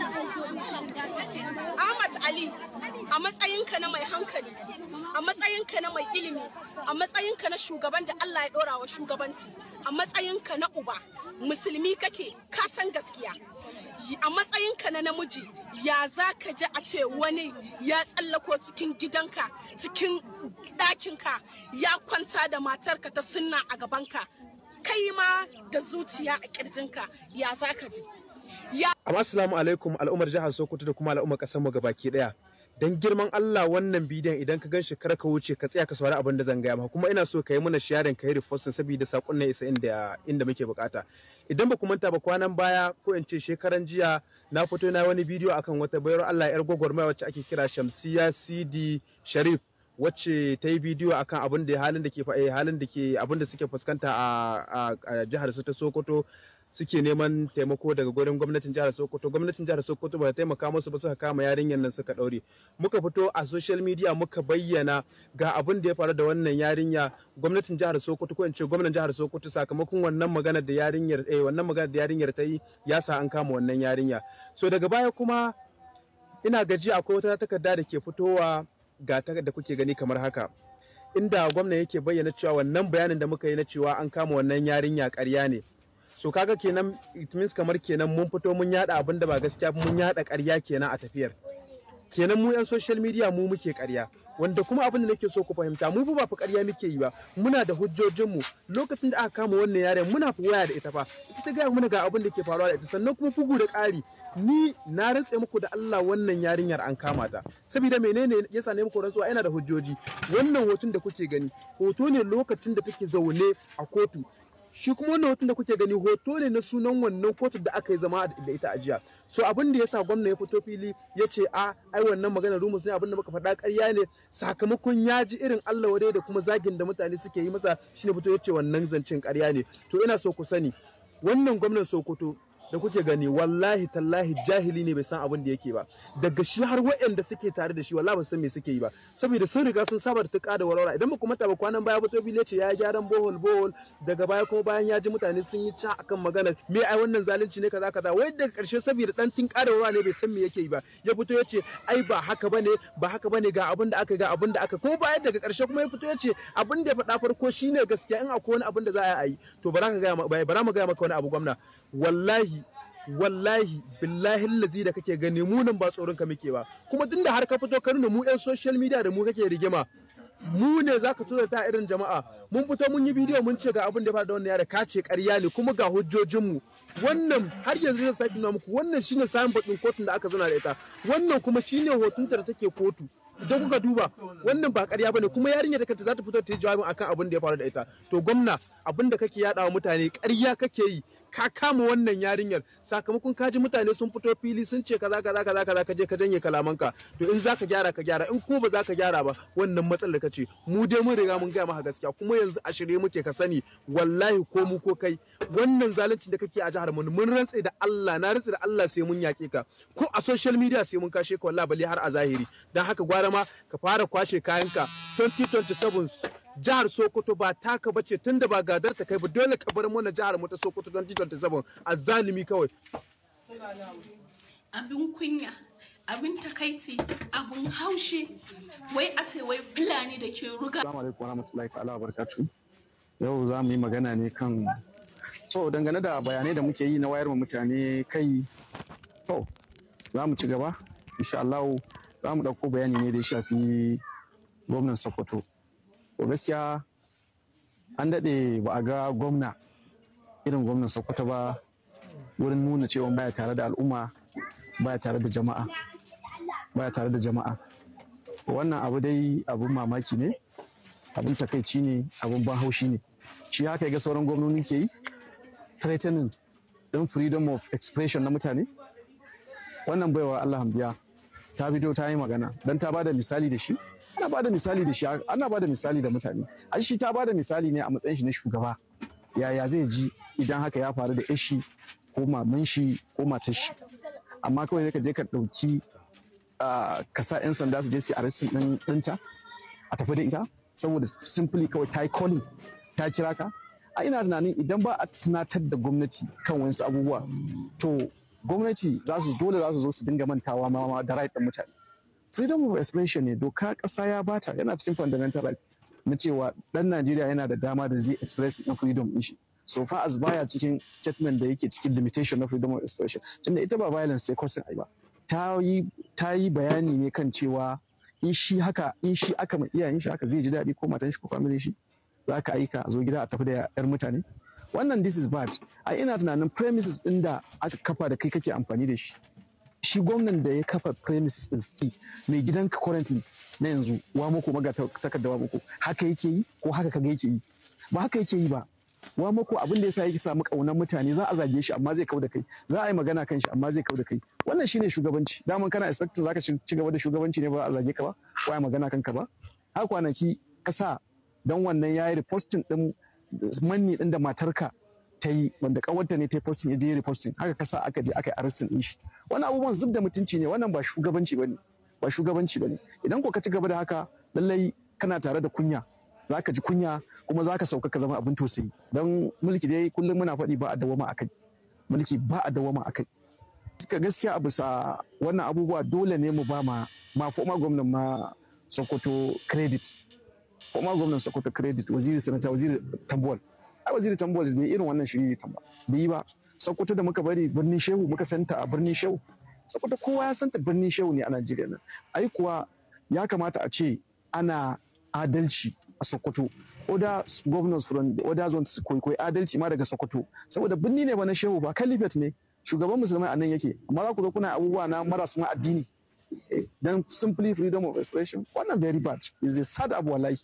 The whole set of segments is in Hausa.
Ahmad Ali a matsayinka na mai hankali a matsayinka na mai ilimi a matsayinka na shugaban da Allah ya ɗora wa shugabanci a matsayinka na uba musulmi kake ka san gaskiya a matsayinka na namiji ya za ka ji a ce wani ya tsallako cikin gidanka cikin ɗakinka ya kwanta da matarka ta sunna a gabanka kai ma da zuciya a ƙirjinka ya za ka ji amma assalamu alaikum al'ummar jihar sokoto da kuma al'ummar kasar mu gabaki daya dan girman Allah wannan bidiyon idan ka gan shi kar ka wuce ka tsaya ka saurari abin da zan gaya maka kuma ina so ka yi mana sharing ka yi reposting saboda sakon ne isa inda inda muke bukata idan ba ku manta ba kwanan baya ko in ce shekaran jiya na fito na wani bidiyo akan wata bayar Allah yar gwagwarmaya wacce ake kira Shamsiya CD Sharif wacce ta yi bidiyo akan abin da halin da ke eh, halin da ke abin da suke fuskanta a jihar su ta Sokoto suke neman taimako daga gurin gwamnatin jihar Sokoto gwamnatin jihar Sokoto ba ta taimaka musu ba suka kama yarinyar nan suka daure muka fito a social media muka bayyana ga abin da ya faru da wannan yarinya gwamnatin jihar Sokoto ko in ce gwamnatin jihar Sokoto sakamakon wannan magana da yarinyar eh wannan magana da yarinyar ta yi ya sa an kama wannan yarinya so daga baya kuma ina gaji akwai wata takarda da ke fitowa ga ta da kuke gani kamar haka inda gwamna yake bayyana cewa wannan bayanin da muka yi na cewa an kama wannan yarinya ƙarya ne so kaga kenan it means kamar kenan mun fito mun yada abin da ba gaskiya mun yada ƙarya kenan a tafiyar kenan mu yan social media mu muke ƙarya wanda kuma abin da nake so ku fahimta mu ba fa ƙarya muke yi ba muna da hujjojin mu lokacin da aka kama wannan yaren muna fa waya da ita fa ita ta gaya mu ga abin da ke faruwa da ita sannan kuma bugu da ƙari ni na rantse muku da Allah wannan yarinyar an kama ta saboda menene yasa ne muku rantsuwa yana da hujjoji wannan hoton da kuke gani hoto ne lokacin da take zaune a kotu shi kuma wannan hoton da kuke gani hoto ne na sunan wannan kotun da aka yi zama da ita a jiya so abin da yasa gwamna ya fito fili ya ce a ai wannan magana rumus ne abin da muka faɗa ƙarya ne sakamakon yaji irin Allah wadai da kuma zagin da mutane suke yi masa shine fito ya ce wannan zancen ƙarya ne to ina so ku sani wannan gwamnan Sokoto da kuke gani wallahi tallahi jahili ne bai san abin da yake ba daga shi har wayanda suke tare da shi wallahi ba san me suke yi ba saboda sun riga sun saba da tuka da warwara idan muku mata ba kwanan baya fito bile ce ya gyaran bohol bohol daga baya kuma bayan ya ji mutane sun yi ca akan maganar me ai wannan zalunci ne kaza kaza wai daga karshe saboda dan tin kada warwara ne bai san me yake yi ba ya fito ya ce ai ba haka bane ba haka bane ga abin da aka ga abin da aka ko baya daga karshe kuma ya fito ya ce abin da ya faɗa farko shine gaskiya in akwai wani abin da za a yi to bara ka ga bara mu ga maka wani abu gwamna wallahi wallahi billahi lazi da kake gani mu nan ba tsoron ka muke ba kuma tun da har ka fito ka nuna mu yan social media da mu kake rigima mu ne za ka tuzata irin jama'a mun fito mun yi bidiyo mun ce ga abin da ba da wannan ya ka ce ƙarya ne kuma ga hujjojin mu. wannan har yanzu zai sake nuna muku wannan shine sayan bakin kotun da aka zauna da ita wannan kuma shine hotunta da take kotu idan kuka duba wannan ba ƙarya bane kuma yarinya da kanta za ta fito ta yi jawabin akan abin da ya faru da ita to gwamna abin da kake yada wa mutane karya kake yi ka kama wannan yarinyar sakamakon kaji mutane sun fito fili sun ce kaza kaza kaza kaza ka je ka janye kalamanka to in zaka gyara ka gyara in ko ba zaka gyara ba wannan matsalar ce mu dai mun riga mun gaya maka gaskiya kuma yanzu a shirye muke ka sani wallahi ko mu ko kai wannan zaluncin da kake a jihar mu mun rantse da Allah na rantse da Allah sai mun yake ka ko a social media sai mun kashe ka wallahi bali har a zahiri dan haka gwara ma ka fara kwashe kayanka 2027 jihar Sokoto ba taka bace tunda ba gadar ta kai ba dole ka bar mana jihar mu ta Sokoto don didon ta a zalimi kawai abin kunya abin takaici abin haushi wai a ce wai fulani da ke ruga Assalamu alaikum warahmatullahi ta'ala yau za mu yi magana ne kan so dangane da bayanai da muke yi na wayar mutane kai to za mu ci gaba insha Allah za mu ɗauko bayani ne da shafi gwamnan Sokoto to gaskiya an daɗe ba a ga gwamna irin gwamnan sokoto ba wurin nuna cewa baya tare da al'umma baya tare da jama'a baya tare da jama'a wannan abu dai abun mamaki ne abun takaici ne abun ban haushi ne shi haka ga sauran gwamnoni ke yi threatening din freedom of expression na mutane wannan baiwa Allah biya ta fito ta yi magana don ta ba da misali da shi ana ba da misali da shi ana ba da misali da mutane ai shi ta ba da misali ne a matsayin shi na shugaba yaya zai ji idan haka ya faru da ishi ko maman shi ko matar shi amma kawai ka je ka ɗauki ka sa 'yan sanda su je su arasi din ɗinta a tafi da ita saboda simply kawai ta yi calling ta kira ka a ina tunanin idan ba a tunatar da gwamnati kan wasu abubuwa to gwamnati za su dole za su zo su dinga mantawa ma da right ɗin mutane freedom of expression ne doka ƙasa ya bata yana cikin fundamental right na cewa ɗan Najeriya yana da dama da zai express na freedom ishi. So far as baya cikin statement da yake cikin limitation na freedom of expression. Tunda ita ba violence sai kwasin ai ba. Ta yi bayani ne kan cewa in shi haka in shi aka ma iyayen shi haka zai ji daɗi ko matan shi ko family shi za ka aika a zo gida a tafi da yar mutane. Wannan this is bad. Ai ina tunanin premises ɗin da aka kafa da kai kake amfani da shi. shi gwamnan da ya kafa premises din mai gidanka currently na yanzu wa mako maga takarda wa mako haka yake yi ko haka kaga yake yi ba haka yake yi ba wa mako abin da yasa yake samu kaunar mutane za a zage shi amma zai kau da kai za a yi magana kan shi amma zai kau da kai wannan shine shugabanci daman kana expecting zaka ci gaba da shugabanci ne ba a zage ka ba ko a magana kanka ba har kwanaki kasa dan wannan yayi reposting din manni din da matarka ta yi wanda kawarta ne ta yi posting ya je reposting haka kasa aka je aka yi arrestin din shi wannan abubuwan zub da mutunci ne wannan ba shugabanci bane ba shugabanci bane idan ko ka ci gaba da haka lallai kana tare da kunya za ka ji kunya kuma za ka sauka ka zama abin tausayi don mulki dai kullum muna faɗi ba a dawama a kai mulki ba a dawama a kai suka gaskiya abu bisa wannan abubuwa dole ne mu ba ma ma foma gwamnan ma sokoto credit foma gwamnan sokoto credit waziri sanata waziri tambuwal ai waziri tambol ne irin wannan shiri ne tamba. bai ba sakkwato da muka bari birnin shehu muka santa a birnin shehu sakkwato kowa ya santa birnin shehu ne a najeriya nan ai kuwa ya kamata a ce ana adalci a sokoto oda governors from oda zones koikoi adalci ma daga sokoto saboda birni ne ba na shehu ba kalifet ne shugaban musulmai a nan yake amma za ku zo kuna abubuwa na marasa addini eh, dan simply freedom of expression wannan very bad is a sad abu wallahi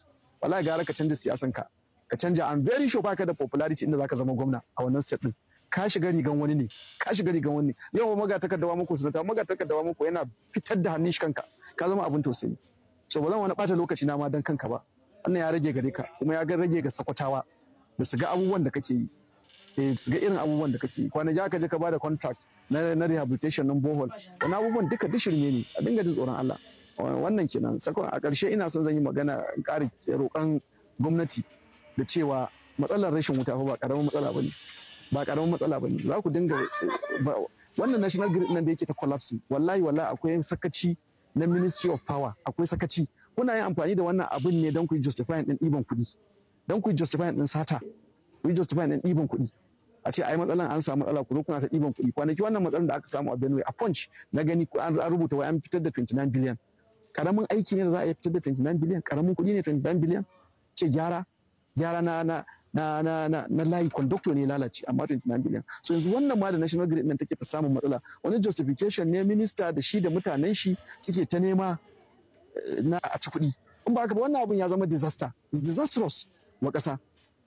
wallahi gara ka canza siyasan ka ka canja am very sure baka da popularity inda zaka zama gwamna a wannan state din ka shiga rigan wani ne ka shiga rigan wani yau maga takardawa muku sanata maga takardawa muku yana fitar da hannun shi kanka ka zama abin tausayi so ba zan wani bata lokaci na ma dan kanka ba wannan ya rage gare ka kuma ya rage ga sakwatawa da su ga abubuwan da kake yi eh su ga irin abubuwan da kake yi kwana ja ka je ka bada contract na na rehabilitation nan bohol wani abubuwan duka shirme ne a dinga jin tsoron Allah wannan kenan sakon a ƙarshe ina son zan yi magana ƙarin roƙon gwamnati da cewa matsalar rashin wuta ba karamin matsala bane ba karamin matsala bane za ku dinga wannan national grid nan da yake ta collapse wallahi wallahi akwai sakaci na ministry of power akwai sakaci kuna yin amfani da wannan abin ne don ku justify din ɗiban kuɗi don ku justify din sata ku justify din ɗiban kuɗi a ce ai matsalan an samu matsala ku zo kuna ta ɗiban kuɗi kwanaki wannan matsalar da aka samu a Benue a punch na gani an rubuta wai an fitar da 29 billion karamin aiki ne da za a fitar da 29 billion karamin kuɗi ne 29 billion ce gyara gyara na na na na na, na layi conductor ne lalace amma 29 billion so yanzu wannan ma da national grid din take ta samun matsala wani justification ne minister da shi da mutanen shi suke ta nema eh, na a ci kuɗi in ba haka ba wannan abun ya zama disaster It's disastrous wa ƙasa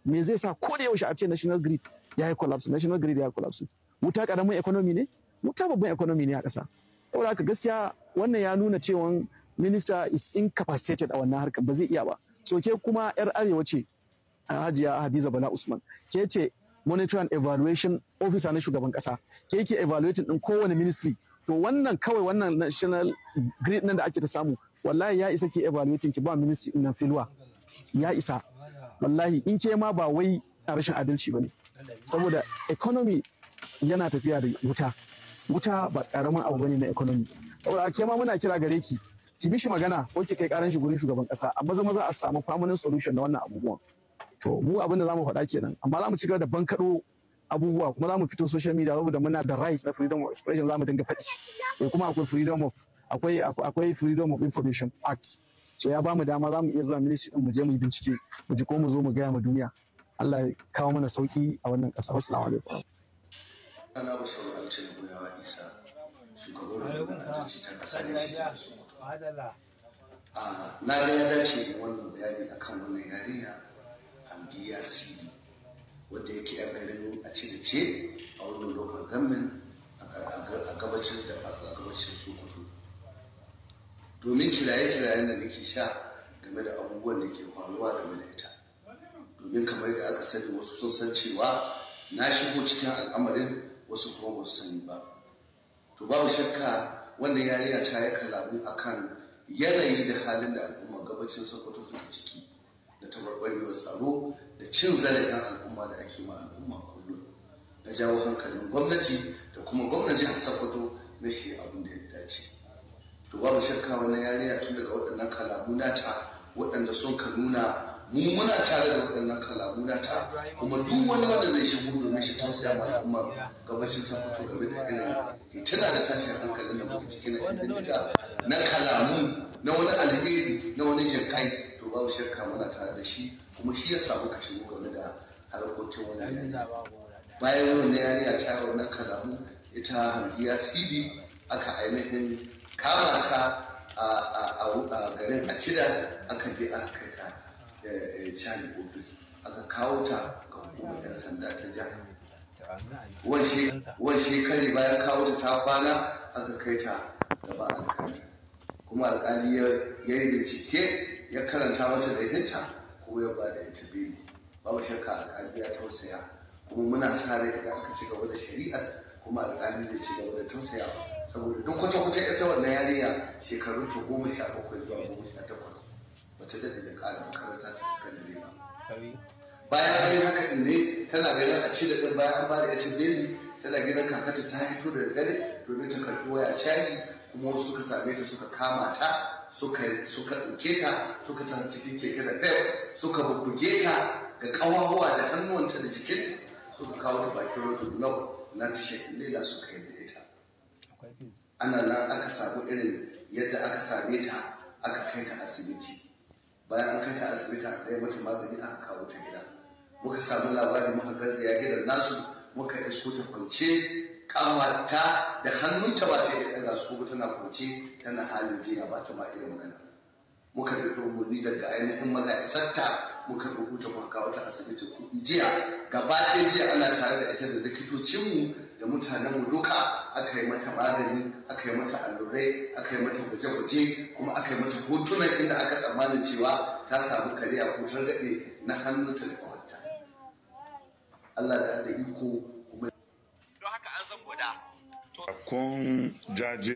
me zai sa ko da yaushe a ce national grid ya yi collapse national grid ya yi collapse wuta karamin economy ne wuta babban economy ne a ƙasa saboda haka gaskiya wannan ya nuna cewa minista is incapacitated a wannan harkar ba zai iya ba soke kuma yar arewa ce hajiya hadiza bala usman ke ce monitoring and evaluation officer na shugaban kasa ke ke evaluating din kowane ministry to wannan kawai wannan national grid nan da ake ta samu wallahi ya isa ke evaluating ki ba ministry nan filwa ya isa wallahi in ke ma ba wai a rashin adalci ba ne saboda economy yana tafiya da wuta wuta ba karamin abu bane na economy saboda ke ma muna kira gare ki ki mishi magana ko ki kai karan shi gurin shugaban kasa Amma maza maza a samu permanent solution na wannan abubuwan to mu abin da zamu faɗa kenan amma zamu ci gaba da bankaɗo abubuwa kuma zamu fito social media da muna da rights na freedom of expression zamu dinga faɗi eh kuma akwai freedom of akwai akwai freedom of information act so ya bamu dama zamu iya zuwa ministry din mu je mu yi bincike mu ji ko mu zo mu gaya ma duniya Allah ya kawo mana sauki a wannan ƙasa assalamu alaikum ana ba shawarar cin goyawa isa shugaban rundunar adalci ta ƙasa ne shi ah, na ga ya dace wannan bayani akan wannan yarinya amdiya sidi wanda yake a garin a ce a wannan local government a gabashin da a gabashin sokoto domin kiraye kiraye da nake sha game da abubuwan da ke faruwa game da ita domin kamar da aka sani wasu sun san cewa na shigo cikin al'amarin wasu kuma ba su sani ba to babu shakka wanda yariya ta yi kalamu akan yanayi da halin da al'umma gabacin sokoto suke ciki da tabarbarewar tsaro da cin zarafin al'umma da ake ma al'umma kullum na jawo hankalin gwamnati da kuma gwamnati a sakwato na shi abin da ya dace to babu shakka wannan yariya tun daga waɗannan kalamu ta waɗanda sun ka nuna mu muna tare da waɗannan kalamu nata kuma duk wani wanda zai shigo domin shi tausaya ma al'umma gabashin sakwato game da irin hitina da tashin hankalin da muke ciki na na kalamu na wani alheri na wani jinkai babu shakka muna tare da shi kuma shi ya samu ka shigo game da harkokin wani bayan wani a shawar na kalamu ita hamdiya sidi aka ainihin kama ta a garin a cida aka je aka kai ta eh, eh, cani ofis aka kawo ta ga hukumar yan sanda ta ja wani shekari bayan kawo ta ta kwana aka kai ta gaba alkali kuma alkali ya yi da cike ya karanta mata laifinta ko ya ba da ita biyu babu shakka alkali ya tausaya kuma muna sa rai idan aka ci gaba da shari'ar kuma alkali zai ci gaba da tausaya saboda duk kwace-kwace ita wannan yariya shekarun ta goma sha bakwai zuwa goma sha takwas wata daɗi da ƙara makaranta ta da ba bayan an yi haka ne tana gani a ci da ɗin bayan an ba da ya ci tana gidan kakata ta hito da dare domin ta karɓi waya shayi kuma wasu suka same ta suka kama ta suka ɗauke ta suka ta cikin keke da fef suka bubbuge ta ga kawawa da hannuwanta da jikin, suka kawo ta bakin rodin blog na shekin lela suka yi da ita ana nan aka samu irin yadda aka same ta aka kai ta asibiti bayan an kai ta asibiti a ɗaya mata magani aka kawo ta gida muka samu labarin muka garzaya gidan nasu muka iskuta ta kwance kamarta da hannunta ba ta iya ɗaga su tana kwance tana halin jiya ba ta iya magana muka da ni daga ainihin isarta muka ta muka wata asibiti kuɗi jiya gaba ɗaya jiya ana tare da ita da likitocinmu da mutanenmu duka aka yi mata magani aka yi mata allurai aka yi mata gwaje-gwaje kuma aka yi mata hotuna inda aka tsammanin cewa ta samu kariya ko targaɗe na hannunta da kwanta Allah da iko Sakun sakon jaje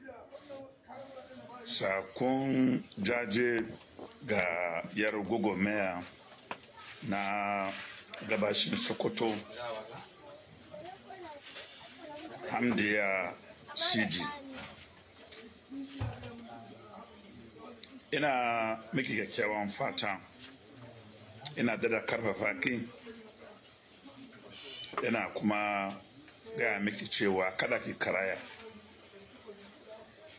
sakon jaje ga yar gugumaya na gabashin sokoto hamdiya cg ina miki kyakkyawan fata ina da karfafa ki ina kuma gaya miki cewa kada ki karaya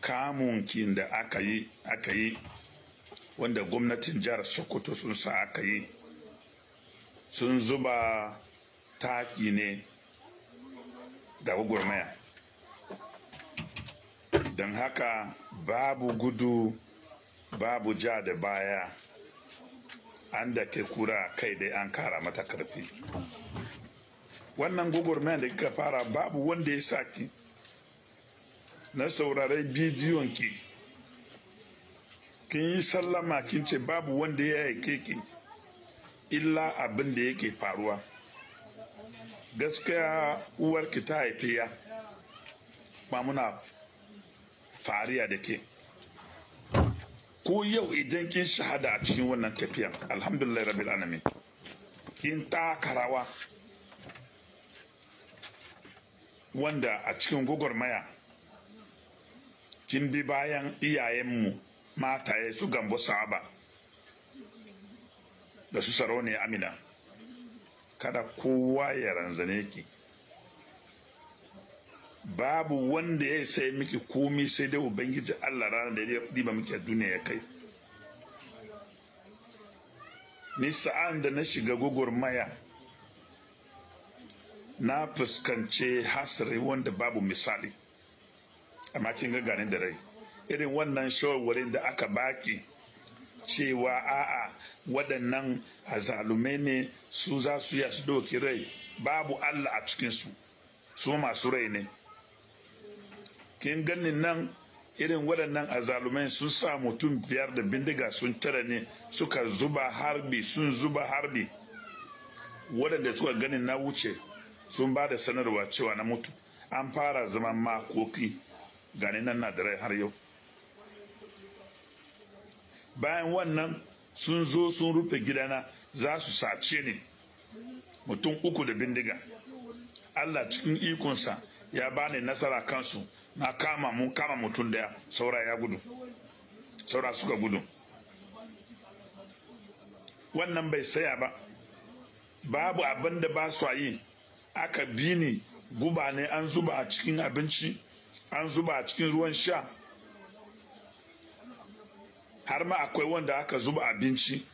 kamunkin da aka yi aka yi wanda gwamnatin jihar sokoto sun sa aka yi sun zuba taki ne da gwagwarmaya don haka babu gudu babu ja da baya an da ke kura kai dai an kara mata karfi wannan gwagwarmaya da kika fara babu wanda ya saki na saurare bidiyon ki kin yi sallama kin ce babu wanda ya yake ki illa abin da yake faruwa gaskiya uwar ki ta haife ya ba muna fariya da ke ko yau idan kin shahada a cikin wannan tafiya. alhamdulillah rabbil alamin kin taka rawa wanda a cikin gwagwarmaya kin bi bayan iyayenmu mataye su gambo saba da su ne amina kada kowa ya ranzane ki babu wanda ya sai miki komi sai dai ubangiji allah rana da ya diba miki a duniya ya kai ni sa'an da na shiga gwagwarmaya na fuskanci hasari wanda babu misali amma kin ga ganin da rai irin wannan shawarwarin da aka baki cewa a'a waɗannan azalumai ne su za su ya su doki rai babu Allah a cikinsu su masu rai ne kin ganin nan irin waɗannan azalumai sun sa mutum biyar da bindiga sun tara ne suka zuba harbi sun zuba harbi waɗanda suka ganin na wuce sun ba da sanarwa cewa na mutu an fara zaman makoki gani nan na da har yau bayan wannan sun zo sun rufe gidana za su sace ni mutum uku da bindiga allah cikin ikonsa ya bani nasara kansu na kama mun kama mutum daya saura ya gudu saura suka gudu wannan bai saya ba babu abin da ba su yi aka bi ni guba ne an zuba a cikin abinci an zuba a cikin ruwan sha har ma akwai wanda aka zuba abinci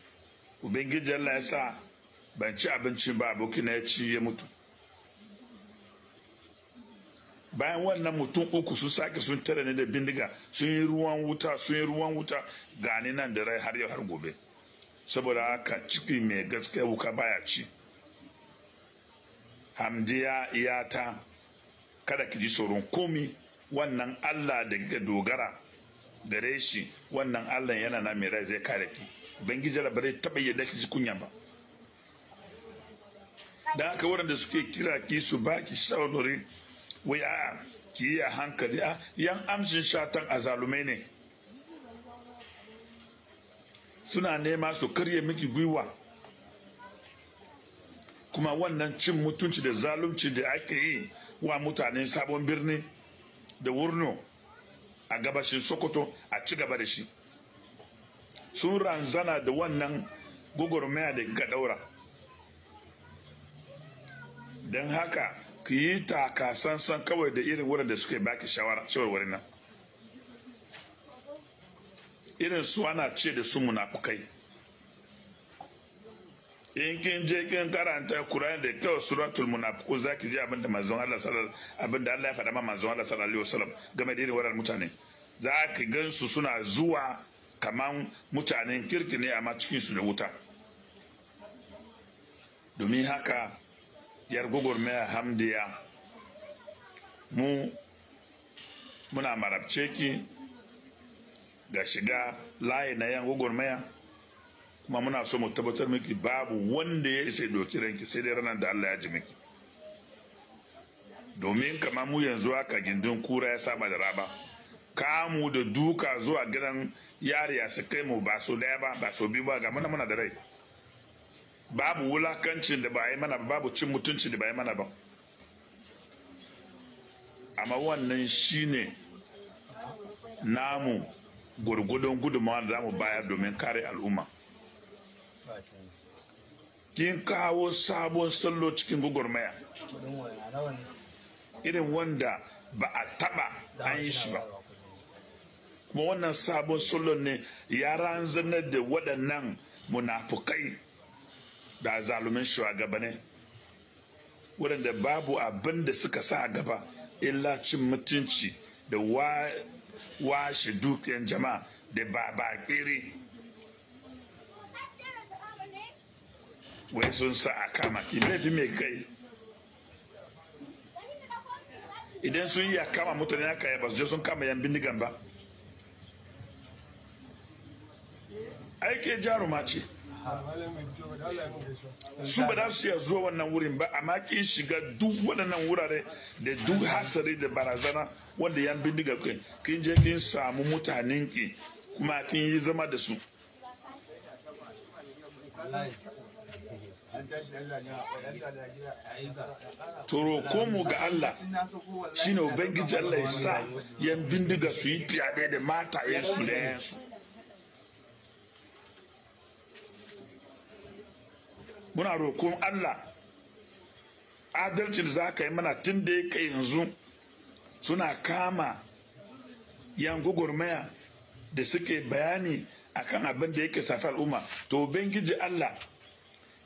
ubangiji Allah ya sa ban ci abinci ba abokin ya ci ya mutu bayan wannan mutum uku su sake sun tare ne da bindiga sun yi ruwan wuta sun yi ruwan wuta gani nan da rai har yau har gobe saboda haka ciki mai gaskiya wuka baya ci hamdiya iyata kada ki ji tsoron komi wannan allah da dogara gare shi wannan allah yana na mai rai zai kare ki ubangiji ba zai taɓa yadda ki ji kunya ba da aka waɗanda suke kira ki su ba ki shawarwari wai a ki yi a hankali a yan amshin shatan azalumai ne suna nema su karye miki gwiwa kuma wannan cin mutunci da zalunci da ake yi wa mutanen sabon birni da wurno a gabashin sokoto a ci gaba da shi sun ranzana da wannan gwagwarmaya da gadaura don haka ki yi taka sansan kawai da irin wurin da suke baki shawarwari nan irin su ana ce da su munafukai in kin je kin karanta Qur'ani da kyau suratul munafiqun zaki ji abinda manzon Allah sallallahu abinda Allah ya faɗa ma manzon Allah sallallahu alaihi wasallam game da irin wannan mutane za ki gansu suna zuwa kaman mutanen kirki ne amma cikin su da wuta domin haka yar mai hamdiya mu muna marabce ki ga shiga layi na yan mai kuma muna so mu tabbatar miki babu wanda ya isa doki ranki sai dai ranar da Allah ya ji miki domin kama mu yanzu haka gindin kura ya saba da raba kamu da duka zuwa gidan yari ya su kai mu ba so daya ba ba so biyu ba ga muna muna da rai babu wulakancin da ba yi mana ba babu cin mutunci da ba yi mana ba amma wannan shine namu gurgudun gudunmawa da za mu bayar domin kare al'umma kin kawo sabon sallo cikin gugurmaya irin wanda ba a taba an yi shi ba kuma wannan sabon salo ne ya ranzanar da waɗannan munafukai da zalumin ne waɗanda babu abin da suka sa gaba illa cin mutunci da washe dukiyar jama'a da ba ba wai sun sa a kama ki laifi mai kai idan sun yi a kama mutane aka yi ba su je sun kama yan bindigan ba aike jaruma ce su ba za su iya zuwa wannan wurin ba amma kin shiga duk waɗannan wurare da duk hasari da barazana wanda yan bindiga kai kin je kin samu mutanen ki kuma kin yi zama da su toro mu ga Allah shine ubangiji Allah ya sa yan bindiga su yi fiyaɗe da mata su da yansu muna roƙon Allah adalcin da za ka yi mana tun da ya kai yanzu suna kama yan gugurmaya da suke bayani akan abin da yake safar al'umma to ubangiji Allah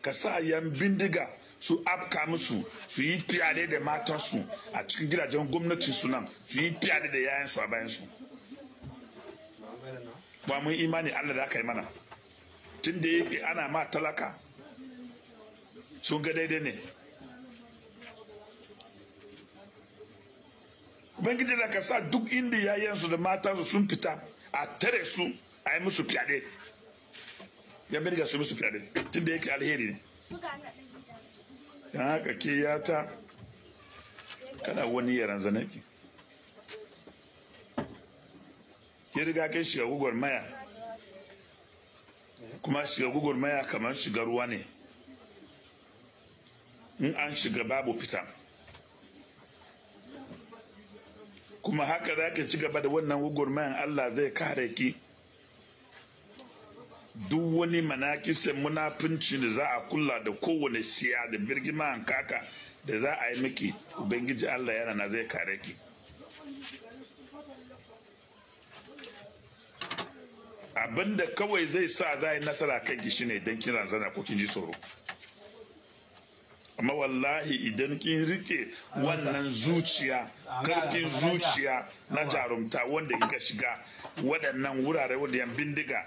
ka sa yan bindiga su afka musu su yi fiyade da matansu a cikin gidajen gwamnati su nan su yi fiyade da yayansu a bayansu ba mun imani allah za ka yi mana tun da yake ana ma talaka sun ga daidai ne ubangiji da ka sa duk inda yayansu da matansu sun fita a tare su a yi musu fiyade ya birga su musu fyaɗe da yake alheri ne don haka ke ya ta kada wani yaran zanaki ya riga kai shiga gugur maya kuma shiga gugur maya kamar shiga ruwa ne in an shiga babu fita kuma haka za ka ci gaba da wannan gugur mayan allah zai kare ki duk wani manakisan munafunci da za a kula da kowane siya da birgiman kaka da za a yi miki ubangiji allah yana na zai kare ki abinda kawai zai sa za yi nasara kan ki shine idan kin ranzana ko kin ji tsoro amma wallahi idan kin rike wannan zuciya karfin zuciya na jarumta wanda kika shiga waɗannan wurare wanda yan bindiga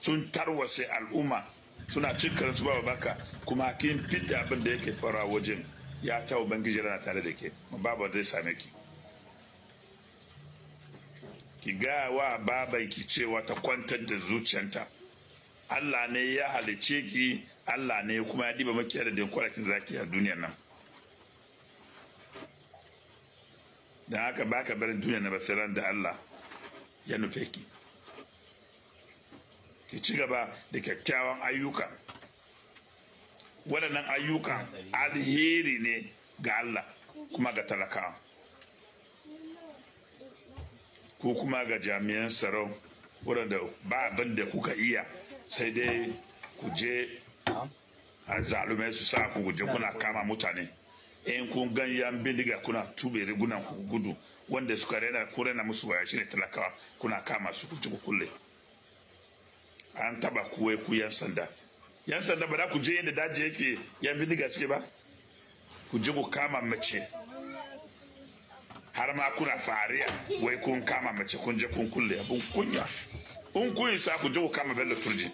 sun tarwase al'umma suna cin karanta ba baka kuma kin fidda abin da yake fara wajen ya ta ubangiji rana tare da ke babu zai same ki ki gaya wa babai ki cewa ta kwantar da zuciyanta Allah ne ya halice ki Allah ne kuma ya diba maki da kwarakin zaki a duniyar nan dan haka baka barin duniya na basiran da Allah ya nufe ki ki ci gaba da kyakkyawan ayyuka waɗannan ayyuka alheri ne ga Allah kuma ga talakawa ko kuma ga jami'an tsaro waɗanda ba abin da kuka iya sai dai ku je a zalume su sa ku guje kuna kama mutane in kun gan yan bindiga kuna tube rigunan ku gudu wanda suka rena ku na musu waya shine talakawa kuna kama su ku ci kulle an taba kuwa ku yan sanda yan sanda ba za ku je yadda daji yake yan bindiga suke ba ku je ku kama mace har ma kuna fariya wai kun kama mace kun je kun kulle abun kunya kun kun sa ku je ku kama bello turji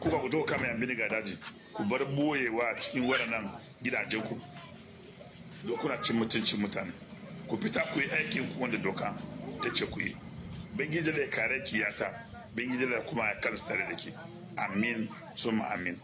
ku ba ku je ku kama yan bindiga daji ku bar boyewa cikin waɗannan gidajen ku dokuna kuna cin mutuncin mutane ku fita ku yi aikin ku wanda doka ta ce ku yi bangijin da ya kare kiyata bangiji da kuma ya kansu da ke amin suma amin